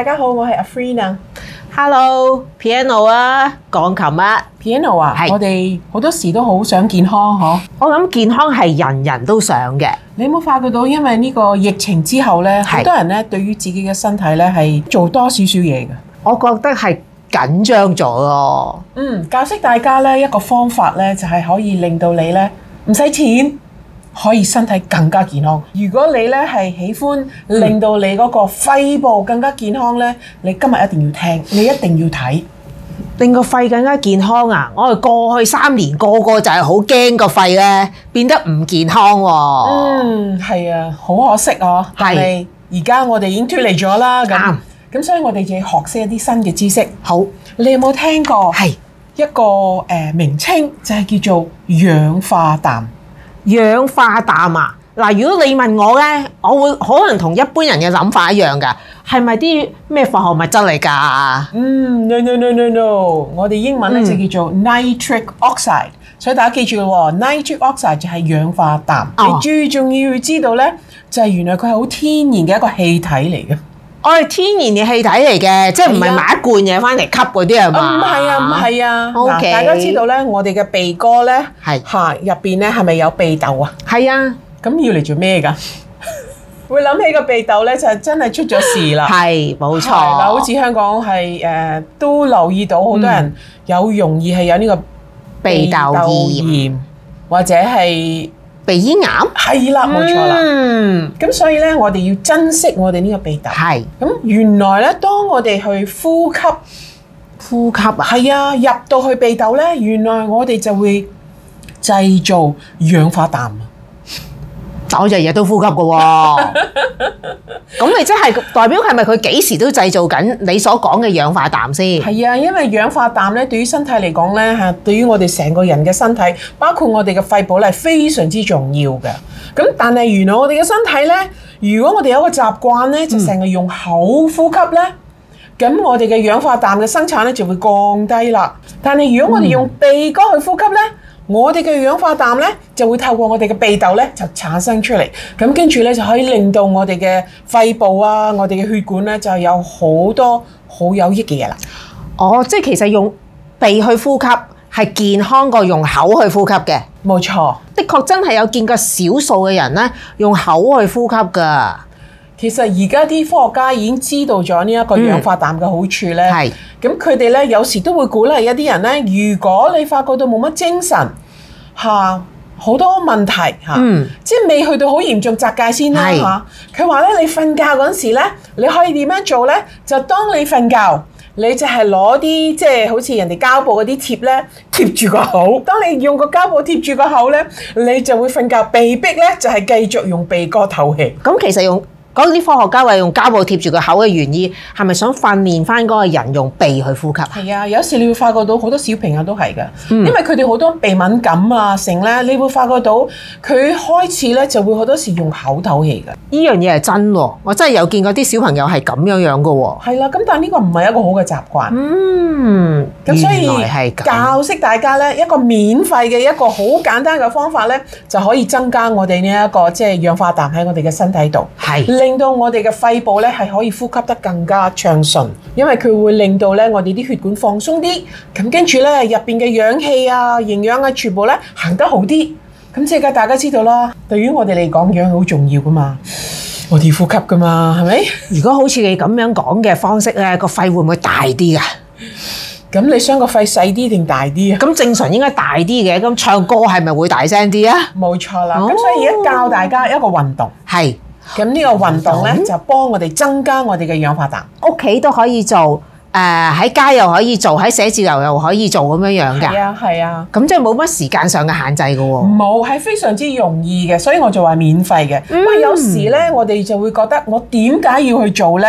大家好，我係阿 Free a Hello，Piano 啊，鋼琴啊，Piano 啊，啊 Piano 啊，我哋好多時都好想健康嗬。我諗健康係人人都想嘅。你有冇發覺到？因為呢個疫情之後咧，好多人咧對於自己嘅身體咧係做多少少嘢嘅。我覺得係緊張咗咯。嗯，教識大家咧一個方法咧，就係可以令到你咧唔使錢。可以身體更加健康。如果你咧係喜歡令到你嗰個肺部更加健康咧，你今日一定要聽，你一定要睇。令個肺更加健康啊！我哋過去三年個個就係好驚個肺咧變得唔健康。嗯，係啊，好可惜哦。係。而家我哋已經脫離咗啦。啱。咁所以我哋就要學識一啲新嘅知識。好。你有冇聽過？係一個誒名稱就係叫做氧化氮。.氧化氮啊，嗱，如果你問我咧，我會可能同一般人嘅諗法一樣噶，係咪啲咩化學物質嚟㗎？嗯，no no no no no，我哋英文咧就叫做 Nitric Oxide，嗯、所以大家記住囉，Nitric Oxide 就係氧化氮，哦。你最重要要知道咧，就係、係、原來佢係好天然嘅一個氣體嚟嘅。我係天然嘅氣體嚟嘅，即係唔係買一罐嘢翻嚟吸嗰啲啊嘛？唔、嗯、係啊，唔係啊。嗱、okay，大家知道咧，我哋嘅鼻哥咧，係嚇入邊咧，係咪有鼻竇啊？係啊，咁要嚟做咩㗎？會諗起個鼻竇咧，就真係出咗事啦。係冇錯。嗱，好似香港係誒都留意到好多人有容易係有呢個鼻竇炎，或者係。鼻咽癌係啦，冇錯啦。咁、嗯、所以咧，我哋要珍惜我哋呢個鼻竇。係咁，原來咧，當我哋去呼吸，呼吸係啊，入到去鼻竇咧，原來我哋就會製造氧化氮。就日日都呼吸噶、哦，咁 你即係代表係咪佢幾時都製造緊你所講嘅氧化氮先？係啊，因為氧化氮咧，對於身體嚟講咧吓，對於我哋成個人嘅身體，包括我哋嘅肺部咧，係非常之重要嘅。咁但係原來我哋嘅身體咧，如果我哋有個習慣咧，就成日用口呼吸咧，咁、嗯、我哋嘅氧化氮嘅生產咧就會降低啦。但係如果我哋用鼻哥去呼吸咧。我哋嘅一氧化氮呢，就會透過我哋嘅鼻竇呢，就產生出嚟。咁跟住呢，就可以令到我哋嘅肺部啊，我哋嘅血管呢，就有好多好有益嘅嘢啦。哦，即係其實用鼻去呼吸係健康過用口去呼吸嘅。冇錯，的確真係有見過少數嘅人呢，用口去呼吸㗎。其實而家啲科學家已經知道咗呢一個氧化氮嘅好處咧，嗯，咁佢哋咧有時都會鼓勵一啲人咧，如果你發覺到冇乜精神嚇好、啊、多問題嚇、啊嗯，即係未去到好嚴重界先啦嚇。佢話咧，你瞓覺嗰陣時咧，你可以點樣做咧？就當你瞓覺，你就係攞啲即係好似人哋膠布嗰啲貼咧貼住個口。當你用個膠布貼住個口咧，你就會瞓覺被逼咧，就係、是、繼續用鼻哥透氣。咁其實用講啲科學家話用膠布貼住個口嘅原因係咪想訓練返嗰個人用鼻去呼吸？係啊，有時你會發覺到好多小朋友都係嘅、嗯，因為佢哋好多鼻敏感啊，成咧你會發覺到佢開始咧就會好多時用口唞氣嘅。呢樣嘢係真喎，我真係有見過啲小朋友係咁樣樣嘅喎。係啦、啊，咁但呢個唔係一個好嘅習慣。嗯，咁所以教識大家咧一個免費嘅一個好簡單嘅方法咧，就可以增加我哋呢一個即係一氧化氮喺我哋嘅身體度係。令到我哋嘅肺部咧，係可以呼吸得更加暢順，因為佢會令到咧我哋啲血管放鬆啲，咁跟住咧入邊嘅氧氣啊、營養啊，全部咧行得好啲。咁即係嘅，大家知道啦。對於我哋嚟講，氧好重要㗎嘛，我哋呼吸㗎嘛，係咪？如果好似你咁樣講嘅方式咧，個肺會唔會大啲㗎？咁你想個肺細啲定大啲啊？咁正常應該大啲嘅。咁唱歌係咪會大聲啲啊？冇錯啦。咁所以而家教大家一個運動係。咁呢個運動呢，就幫我哋增加我哋嘅一氧化氮。屋企都可以做。誒、uh，喺街又可以做，喺寫字樓又可以做咁樣樣㗎。係啊，係啊。咁即係冇乜時間上嘅限制嘅喎。冇，係非常之容易嘅，所以我就話免費嘅。不、嗯、過有時咧，我哋就會覺得我點解要去做咧？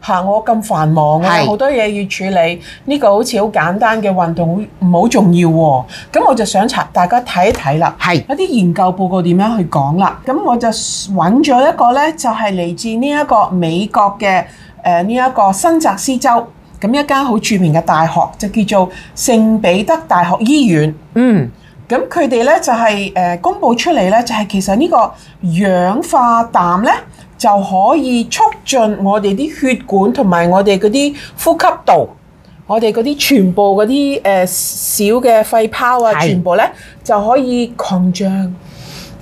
吓、啊，我咁繁忙，我好多嘢要處理。呢、這個好似好簡單嘅運動，唔好重要喎。咁我就想查大家睇一睇啦。係。一啲研究報告點樣去講啦？咁我就揾咗一個咧，就係、是、嚟自呢一個美國嘅誒呢一個新澤西州。咁一間好著名嘅大學就叫做聖彼得大學醫院。嗯，咁佢哋咧就係誒公佈出嚟咧，就係、是就是、其實呢個氧化氮咧就可以促進我哋啲血管同埋我哋嗰啲呼吸道，我哋嗰啲全部嗰啲誒小嘅肺泡啊，全部咧就可以擴張。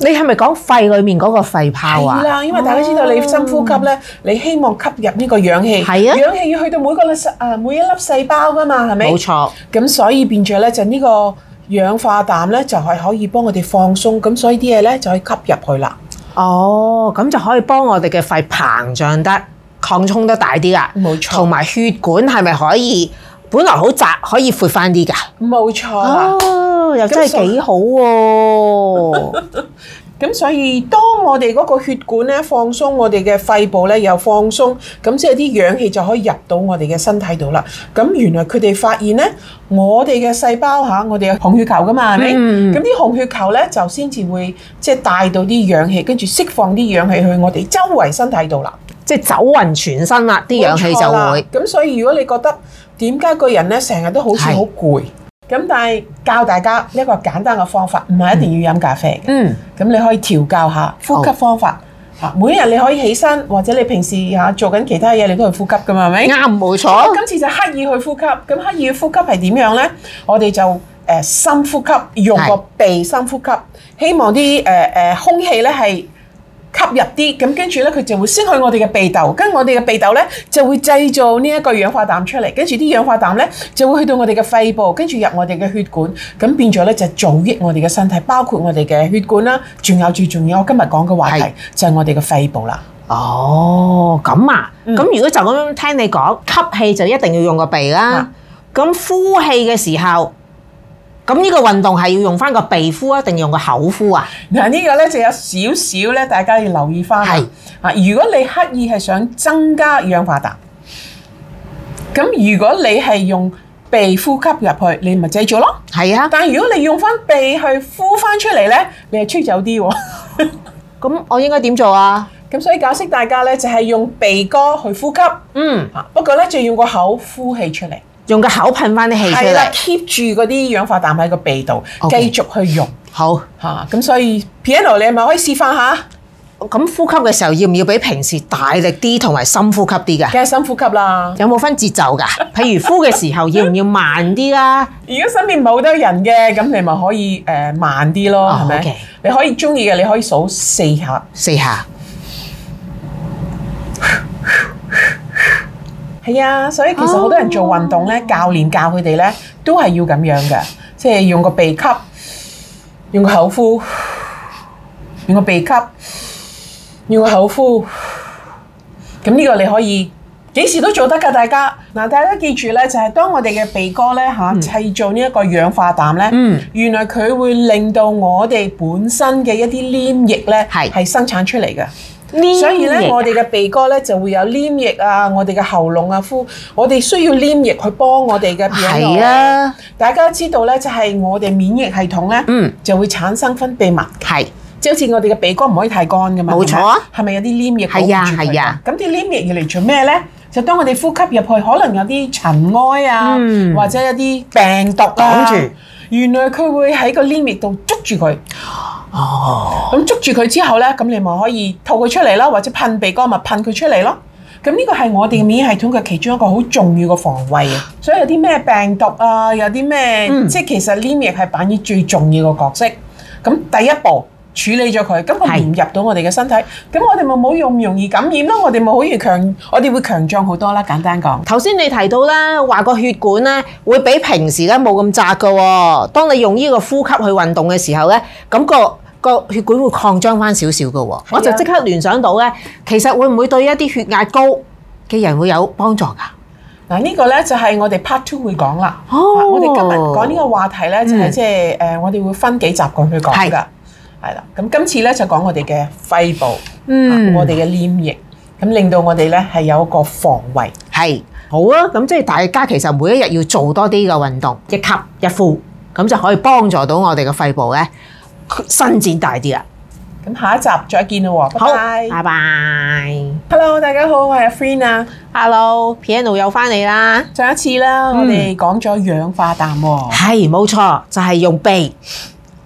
你係咪講肺裏面嗰個肺泡啊？係啦，因為大家知道你深呼吸咧、哦，你希望吸入呢個氧氣，氧氣要去到每個粒每一粒細胞噶嘛，係咪？冇錯。咁所以變咗咧就呢個氧化氮咧就係可以幫我哋放鬆，咁所以啲嘢咧就可以吸入去啦。哦，咁就可以幫我哋嘅肺膨脹得、擴充得大啲啦。冇錯。同埋血管係咪可以？本來好窄，可以闊翻啲噶。冇錯、哦。又真係幾好喎、啊。咁 所以，當我哋嗰個血管咧放鬆，我哋嘅肺部咧又放鬆，咁即係啲氧氣就可以入到我哋嘅身體度啦。咁原來佢哋發現呢，我哋嘅細胞吓，我哋有紅血球噶嘛，係、嗯、咪？咁啲紅血球呢，就先至會即係帶到啲氧氣，跟住釋放啲氧氣去我哋周圍身體度啦。即係走匀全身啦，啲氧氣就會。咁所以如果你覺得，點解個人咧成日都好似好攰？咁但係教大家一個簡單嘅方法，唔係一定要飲咖啡嘅。嗯，咁你可以調教下呼吸方法。啊、嗯，每一日你可以起身，或者你平時吓做緊其他嘢，你都去呼吸噶嘛，係咪？啱，冇錯。今次就刻意去呼吸，咁刻意去呼吸係點樣咧？我哋就誒深呼吸，用個鼻深呼吸，希望啲誒誒空氣咧係。吸入啲咁，跟住咧佢就會先去我哋嘅鼻竇，跟住我哋嘅鼻竇咧就會製造呢一個氧化氮出嚟，跟住啲氧化氮咧就會去到我哋嘅肺部，跟住入我哋嘅血管，咁變咗咧就造益我哋嘅身體，包括我哋嘅血管啦，仲有最重要，我今日講嘅話題就係、是、我哋嘅肺部啦。哦，咁啊，咁、嗯、如果就咁樣聽你講吸氣就一定要用個鼻啦，咁、啊、呼氣嘅時候。咁呢個運動係要用翻個鼻呼啊，定用個口呼啊？嗱，呢個咧就有少少咧，大家要留意翻。係啊，如果你刻意係想增加氧化氮，咁如果你係用鼻呼吸入去，你咪製咗咯。係啊，但係如果你用翻鼻去呼翻出嚟咧，你係吹走啲喎。咁 我應該點做啊？咁所以教識大家咧，就係、是、用鼻哥去呼吸。嗯，不過咧就用個口呼氣出嚟。用個口噴翻啲氣出，係啦，keep 住嗰啲氧化氮喺個鼻度、okay，繼續去用。好嚇，咁所以 Piano，你係咪可以示範一下？咁呼吸嘅時候，要唔要比平時大力啲同埋深呼吸啲㗎？梗係深呼吸啦。有冇分節奏㗎？譬 如呼嘅時候，要唔要慢啲啦？如果身邊冇得人嘅，咁你咪可以誒慢啲咯，係、oh, 咪、okay？你可以中意嘅，你可以數四下，四下。係啊，所以其實好多人做運動咧，oh. 教練教佢哋咧，都係要咁樣嘅，即係用個鼻吸，用個口呼，用個鼻吸，用個口呼。咁、這、呢個你可以幾時都做得噶，大家嗱，大家記住咧，就係、是、當我哋嘅鼻哥咧吓，製造呢一個氧化氮咧，嗯、mm.，原來佢會令到我哋本身嘅一啲黏液咧係係生產出嚟嘅。所以咧，我哋嘅鼻哥咧就會有黏液啊，我哋嘅喉嚨啊，呼，我哋需要黏液去幫我哋嘅鼻。係啊！大家知道咧，就係我哋免疫系統咧，嗯，就會產生分泌物。係，即係好似我哋嘅鼻哥唔可以太乾㗎嘛。冇錯，係咪有啲黏液保護佢？係啊，咁啲、啊、黏液嚟做咩咧？就當我哋呼吸入去，可能有啲塵埃啊，嗯、或者有啲病毒啊。原來佢會喺個 l i m i t 度捉住佢，哦，咁捉住佢之後呢，咁你咪可以吐佢出嚟咯，或者噴鼻哥咪噴佢出嚟咯。咁呢個係我哋免疫系統嘅其中一個好重要嘅防衞。所以有啲咩病毒啊，有啲咩，嗯、即係其實 l i m i t 係扮演最重要嘅角色。咁第一步。處理咗佢，咁佢根本唔入到我哋嘅身體，咁我哋咪冇用唔容易感染咯。我哋咪好易強，我哋會強壯好多啦。簡單講，頭先你提到啦，話個血管咧會比平時咧冇咁窄噶。當你用呢個呼吸去運動嘅時候咧，咁個個血管會擴張翻少少噶。我就即刻聯想到咧，其實會唔會對一啲血壓高嘅人會有幫助噶？嗱、啊，呢個咧就係我哋 Part Two 會講啦。哦、我哋今日講呢個話題咧、就係，就係即係誒，我哋會分幾集過去講噶。係啦，咁今次咧就講我哋嘅肺部，嗯，我哋嘅黏液，咁令到我哋咧係有一個防衛，係好啊！咁即係大家其實每一日要做多啲嘅運動，一吸一呼，咁就可以幫助到我哋嘅肺部咧伸展大啲啦！咁下一集再見咯，好拜拜。Hello，大家好，我係 Afreen。Hello，Piano 又翻嚟啦，上一次啦、嗯，我哋講咗氧化氮喎，係冇錯，就係、是、用鼻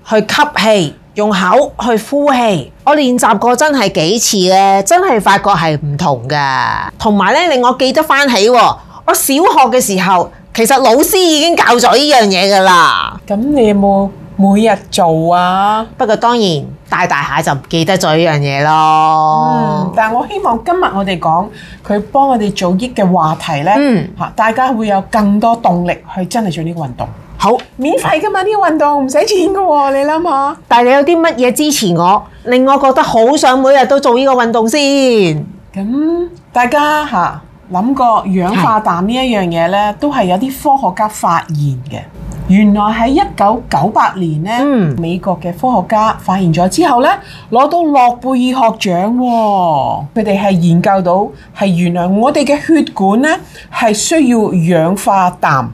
去吸氣。用口去呼氣，我練習過真係幾次呢，真係發覺係唔同噶。同埋呢，令我記得翻起我小學嘅時候，其實老師已經教咗呢樣嘢噶啦。咁你有冇每日做啊？不過當然，大大下就唔記得咗呢樣嘢咯。嗯、但係我希望今日我哋講佢幫我哋做益嘅話題呢，嚇、嗯、大家會有更多動力去真係做呢個運動。好，免費噶嘛？呢個運動唔使錢噶、哦，你諗下。但係你有啲乜嘢支持我，令我覺得好想每日都做呢個運動先。咁大家吓諗過氧化氮，呢一樣嘢呢，都係有啲科學家發現嘅。原來喺一九九八年呢，嗯、美國嘅科學家發現咗之後呢，攞到諾貝爾學獎、哦。佢哋係研究到係原來我哋嘅血管呢，係需要氧化氮。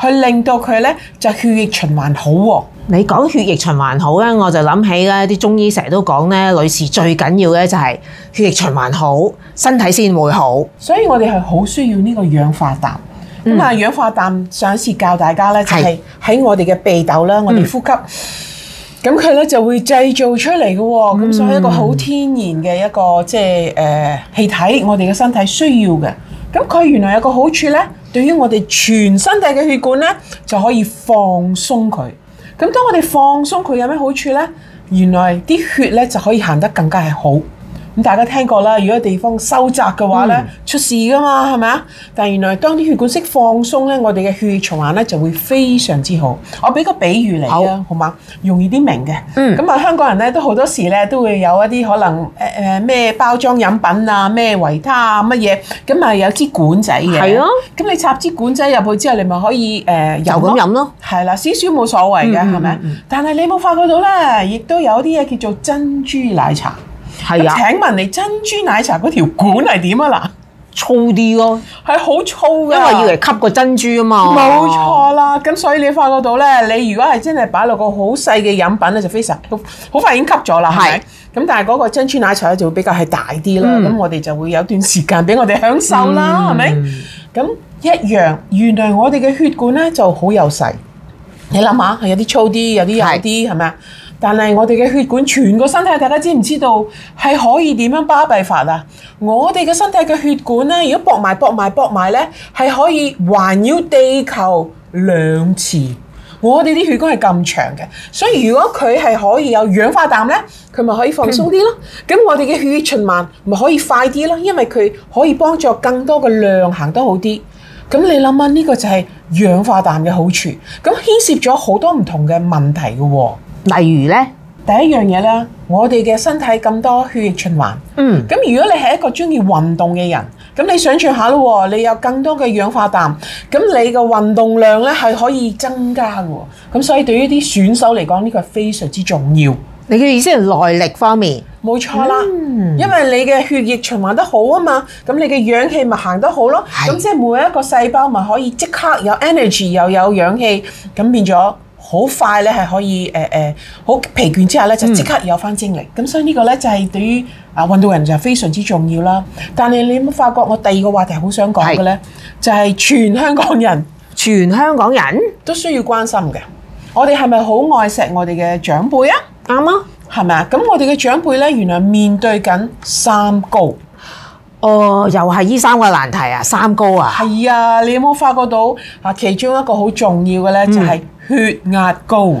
去令到佢咧就血液循環好喎。你講血液循環好咧，我就諗起咧啲中醫成日都講咧，女士最緊要咧就係血液循環好，身體先會好。所以我哋係好需要呢個氧化氮。咁、嗯、啊，但氧化氮上一次教大家咧就係喺我哋嘅鼻竇啦，我哋呼吸。咁佢咧就會製造出嚟嘅喎，咁、嗯、所以一個好天然嘅一個即係誒、呃、氣體，我哋嘅身體需要嘅。咁佢原來有一個好處咧。對於我哋全身體嘅血管呢，就可以放鬆佢。咁當我哋放鬆佢有咩好處呢？原來啲血呢，就可以行得更加好。大家聽過啦，如果地方收窄嘅話呢、嗯，出事噶嘛，係咪啊？但原來當啲血管式放鬆呢，我哋嘅血液循環呢就會非常之好。我俾個比喻嚟啊，好嘛，容易啲明嘅。咁、嗯、啊，香港人呢，都好多時呢都會有一啲可能誒誒咩包裝飲品啊，咩維他啊乜嘢，咁咪有支管仔嘅。係咯。咁你插支管仔入去之後，你咪可以誒油咁飲咯。係、嗯、啦，少少冇所謂嘅，係、嗯、咪、嗯嗯嗯？但係你冇發覺到呢，亦都有啲嘢叫做珍珠奶茶。係啊！請問你珍珠奶茶嗰條管係、啊、點啊？嗱，粗啲咯，係好粗嘅，因為要嚟吸個珍珠啊嘛。冇、啊、錯啦，咁所以你發覺到咧，你如果係真係擺落個好細嘅飲品咧，就非常好快已經吸咗啦，係咪？咁但係嗰個珍珠奶茶咧就會比較係大啲啦，咁、嗯、我哋就會有段時間俾我哋享受啦，係、嗯、咪？咁一樣，原來我哋嘅血管咧就好幼細，你諗下，有啲粗啲，有啲幼啲，係咪啊？但係我哋嘅血管，全個身體，大家知唔知道係可以點樣巴閉法啊？我哋嘅身體嘅血管咧，如果搏埋搏埋搏埋咧，係可以環繞地球兩次。我哋啲血管係咁長嘅，所以如果佢係可以有氧化氮咧，佢咪可以放鬆啲咯。咁、嗯、我哋嘅血液循環咪可以快啲咯，因為佢可以幫助更多嘅量行得好啲。咁你諗下，呢、呢個就係氧化氮嘅好處。咁牽涉咗好多唔同嘅問題嘅喎。例如呢，第一樣嘢咧，我哋嘅身體咁多血液循環，嗯，咁如果你係一個中意運動嘅人，咁你想象下啦，你有更多嘅氧化氮，咁你嘅運動量呢係可以增加嘅，咁所以對於啲選手嚟講，呢個係非常之重要。你嘅意思係耐力方面，冇、嗯、錯啦，因為你嘅血液循環得好啊嘛，咁你嘅氧氣咪行得好咯，咁即係每一個細胞咪可以即刻有 energy 又有，有氧氣，咁變咗。好快咧，係可以誒誒，好、呃呃、疲倦之下咧，就即刻有返精力。咁、嗯、所以呢個咧就係對於啊運動人就非常之重要啦。但係你有冇發覺我第二個話題好想講嘅咧，就係、是、全，全香港人，全香港人都需要關心嘅。我哋係咪好愛錫我哋嘅長輩啊？啱啊，係咪啊？咁我哋嘅長輩咧，原來面對緊三高。哦，又係這三個難題啊，三高啊。係啊，你有冇發覺到啊？其中一個好重要嘅呢，就係血壓高。嗯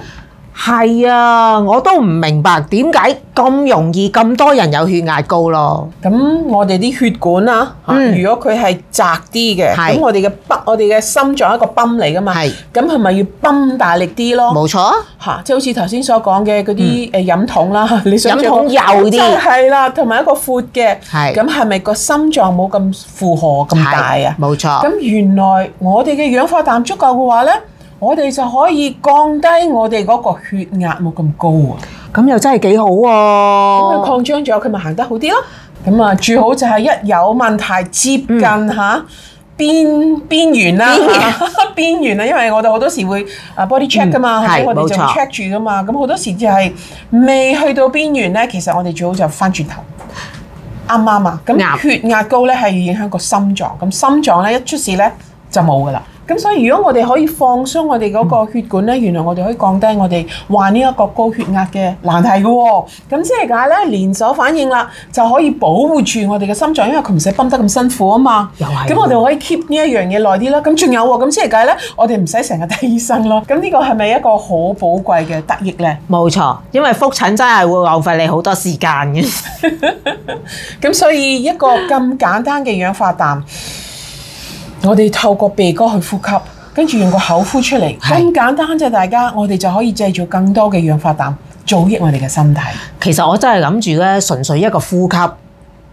係啊，我都唔明白點解咁容易咁多人有血壓高咯。咁我哋啲血管啊，如果佢係窄啲嘅，咁我哋嘅泵，我哋嘅心臟一個泵嚟噶嘛，咁係咪要泵大力啲咯？冇錯，嚇即係好似頭先所講嘅嗰啲誒飲筒啦，飲筒幼啲，係啦，同埋一個闊嘅，咁係咪個心臟冇咁負荷咁大啊？冇錯。咁原來我哋嘅氧化氮足夠嘅話呢？我哋就可以降低我哋嗰個血壓冇咁高啊！咁又真係幾好喎、啊！咁佢擴張了，咗，佢咪行得好啲咯？咁啊，最好就係一有問題接近嚇、嗯啊、邊邊緣啦，邊緣，邊緣啊邊緣，因為我哋好多時會啊 body check 噶嘛，喺、嗯、我哋就 check 住噶嘛，咁好多時就係未去到邊緣咧，其實我哋最好就翻轉頭。啱唔啱啊？咁、嗯、血壓高咧係要影響個心臟，咁心臟咧一出事咧。就冇噶啦，咁所以如果我哋可以放鬆我哋嗰個血管呢，嗯、原來我哋可以降低我哋患呢一個高血壓嘅難題嘅喎、哦，咁即係解呢，連鎖反應啦，就可以保護住我哋嘅心臟，因為佢唔使泵得咁辛苦啊嘛。又係，咁我哋可以 keep 呢一樣嘢耐啲啦。咁仲有喎，咁即係解呢，我哋唔使成日睇醫生咯。咁呢個係咪一個好寶貴嘅得益呢？冇錯，因為復診真係會浪費你好多時間嘅。咁 所以一個咁簡單嘅氧化氮。 氮化氮我哋透過鼻哥去呼吸，跟住用個口呼出嚟，咁簡單，大家，我哋就可以製造更多嘅氧化氮，造益我哋嘅身體。其實我真係諗住咧，純粹一個呼吸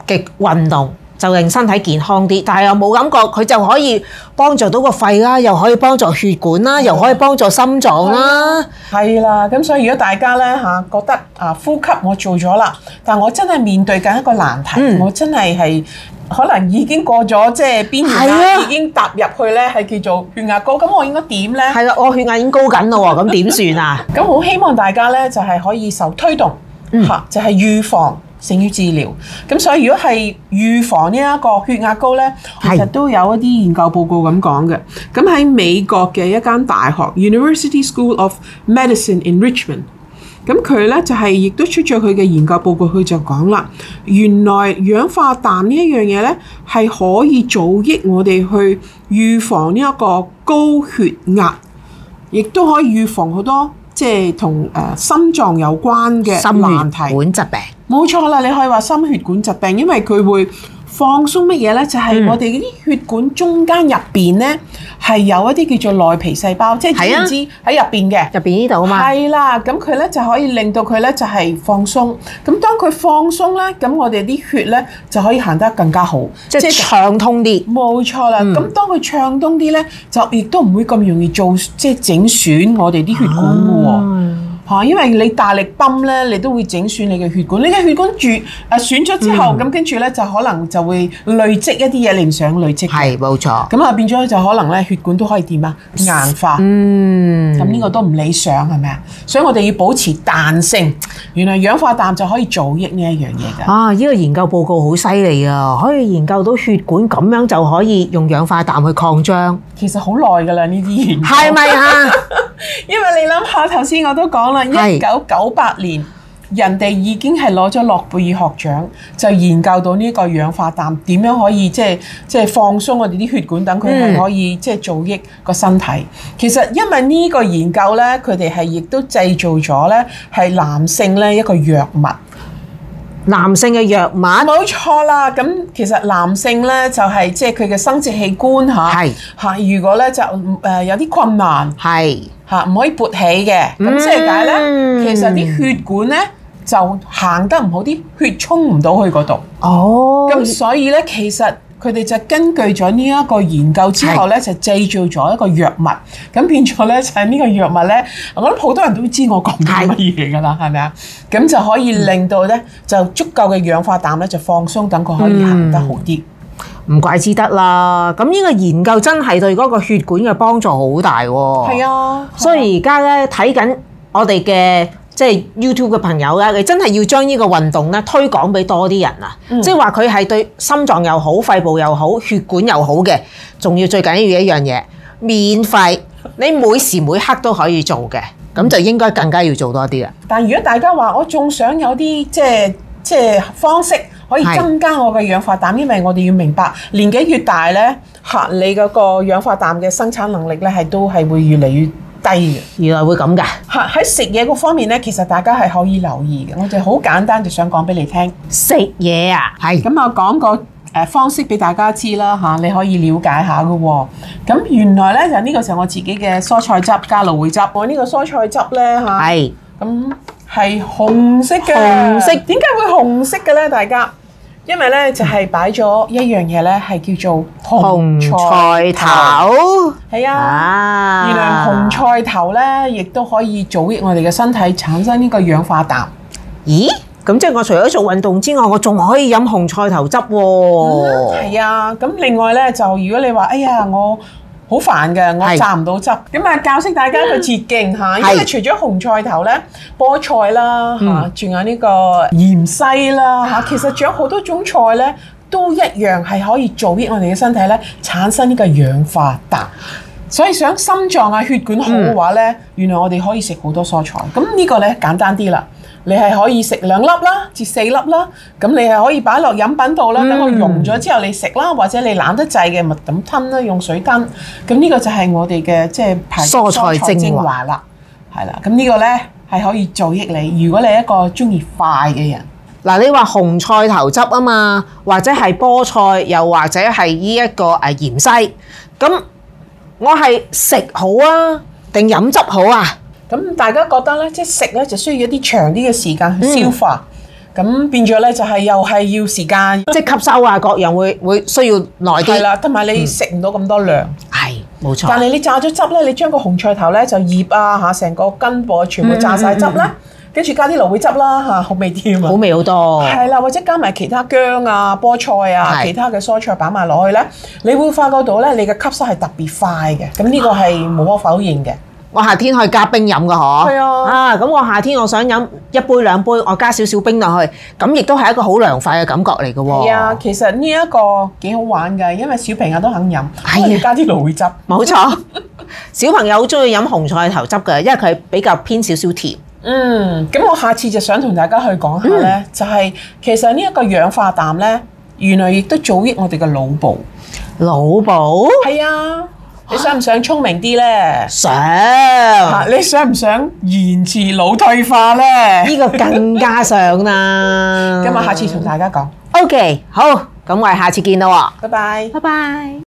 嘅運動。就令身體健康啲，但係又冇感覺，佢就可以幫助到個肺啦，又可以幫助血管啦，又可以幫助心臟啦。係啦，咁所以如果大家呢吓覺得啊，呼吸我做咗啦，但係我真係面對緊一個難題，我真係係可能已經過咗即係邊緣啦，已經踏入去呢係叫做血壓高，咁我應該點呢？係啦，我血壓已經高緊啦喎，咁點算啊？咁好希望大家呢就係可以受推動吓，就係預防。勝於治療，咁所以如果係預防呢一個血壓高呢，其實都有一啲研究報告咁講嘅。咁喺美國嘅一間大學 University School of Medicine in Richmond，咁佢呢就係、是、亦都出咗佢嘅研究報告，佢就講啦，原來氧化氮呢一樣嘢呢，係可以促抑我哋去預防呢一個高血壓，亦都可以預防好多即係同誒心臟有關嘅問題、血管疾病。冇錯啦，你可以話心血管疾病，因為佢會放鬆乜嘢咧？就係、是、我哋嗰啲血管中間入邊咧，係、嗯、有一啲叫做內皮細胞，嗯、即係知喺入邊嘅？入邊呢度啊嘛。係啦，咁佢咧就可以令到佢咧就係放鬆。咁當佢放鬆咧，咁我哋啲血咧就可以行得更加好，即係暢通啲。冇錯啦，咁、嗯、當佢暢通啲咧，就亦都唔會咁容易做即係、就是、整損我哋啲血管嘅喎。啊。嚇、啊，因為你大力泵咧，你都會整損你嘅血管。你嘅血管住誒損咗之後，咁跟住咧就可能就會累積一啲嘢你唔想累積嘅，係冇錯。咁啊變咗就可能咧血管都可以點啊硬化，嗯，咁呢個都唔理想係咪啊？所以我哋要保持彈性。原來氧化氮就可以造益呢一樣嘢㗎。啊，呢個研究報告好犀利啊！可以研究到血管咁樣就可以用氧化氮去擴張。其實好耐㗎啦，呢啲研究係咪啊？ 因為你諗下頭先我都講。因為一九九八年，人哋已經係攞咗諾貝爾學獎，就研究到呢個氧化氮點樣可以即係即係放鬆我哋啲血管等，佢係可以即係造益個身體。其實因為呢個研究呢，佢哋係亦都製造咗呢，係男性呢一個藥物。男性嘅藥物冇錯啦，咁其實男性咧就係即係佢嘅生殖器官嚇，嚇如果咧就誒有啲困難，係嚇唔可以勃起嘅，咁即係解咧，其實啲血管咧就行得唔好啲，血衝唔到去嗰度，哦，咁所以咧其實。佢哋就根據咗呢一個研究之後呢就製造咗一個藥物，咁變咗呢，就係呢個藥物呢，我諗好多人都知道我講緊乜嘢噶啦，係咪啊？咁就可以令到呢，就足夠嘅氧化氮呢，就放鬆等佢可以行得好啲。嗯。唔怪之得啦，咁呢個研究真係對嗰個血管嘅幫助好大喎。係啊，所以而家呢，睇緊我哋嘅。即係 YouTube 嘅朋友咧，你真係要將呢個運動咧推廣俾多啲人啊！嗯、即係話佢係對心臟又好、肺部又好、血管又好嘅，仲要最緊要一樣嘢，免費，你每時每刻都可以做嘅，咁就應該更加要做多啲啦。但如果大家話我仲想有啲即係即方式可以增加我嘅氧化氮，因為我哋要明白年紀越大咧，嚇你嗰個氧化氮嘅生產能力咧係都係會越嚟越。原來會咁噶，喺食嘢嗰方面呢，其實大家係可以留意嘅。我就好簡單就想講俾你聽，食嘢啊，係咁我講個誒方式俾大家知啦嚇，你可以了解一下噶。咁原來呢，就呢個就我自己嘅蔬菜汁加蘆薈汁，我呢個蔬菜汁呢，嚇係咁係紅色嘅，紅色點解會紅色嘅呢？大家。因為咧，就係擺咗一樣嘢咧，係叫做紅菜頭。係啊，啊，原來紅菜頭咧，亦都可以助益我哋嘅身體產生呢個氧化氮。咦？咁即係我除咗做運動之外，我仲可以飲紅菜頭汁喎。係啊，咁、嗯啊啊、另外咧就如果你話，哎呀我。好煩嘅我榨唔到汁。咁，教識大家一個捷徑，因為除咗紅菜頭，菠菜啦嚇，仲有呢個芫茜啦、嗯、其實仲有好多種菜都一樣係可以造益我哋嘅身體，產生呢個氧化氮。所以想心臟、血管好嘅話呢，嗯，原來我哋可以食好多蔬菜。嗯、咁呢個呢，簡單啲啦。你係可以食兩粒啦，至四粒啦，咁你係可以擺落飲品度啦，等佢溶咗之後你食啦，或者你懶得滯嘅咪咁吞啦，用水吞。咁呢個就係我哋嘅即係排蔬菜精華啦，係啦。咁呢個咧係可以造益你，如果你一個中意快嘅人。嗱，你話紅菜頭汁啊嘛，或者係菠菜，又或者係依一個誒芫茜。咁我係食好啊，定飲汁好啊？咁大家覺得咧，即係食咧就需要一啲長啲嘅時間去消化，咁、嗯、變咗咧就係又係要時間即係吸收啊，個 人會會需要耐啲。係啦，同埋你食唔到咁多量。係、嗯，冇、哎、錯。但係你榨咗汁咧，你將個紅菜頭咧就醃啊嚇，成個根部全部榨晒汁啦。跟、嗯、住、嗯嗯、加啲蘆薈汁啦嚇，好味添啊好味好多。係啦，或者加埋其他薑啊、菠菜啊、其他嘅蔬菜擺埋落去咧，你會發覺到咧，你嘅吸收係特別快嘅。咁、啊、呢個係冇可否認嘅。我夏天可以加冰飲噶嗬。係啊。啊，咁我夏天我想飲一杯兩杯，我加少少冰落去，咁亦都係一個好涼快嘅感覺嚟嘅。係啊，其實呢一個幾好玩嘅，因為小朋友都肯飲，可以加啲蘆薈汁。冇錯，小朋友好中意飲紅菜頭汁嘅，因為佢比較偏少少甜。嗯，咁我下次就想同大家去講下呢，就係其實呢一個氧化氮呢，原來亦都早於我哋嘅腦部。腦部？係啊。你想唔想聰明啲呢？想。你想唔想延遲腦退化呢？呢、這個更加想啦。咁 我下次同大家講。OK，好，咁我哋下次見啦。拜拜。拜拜。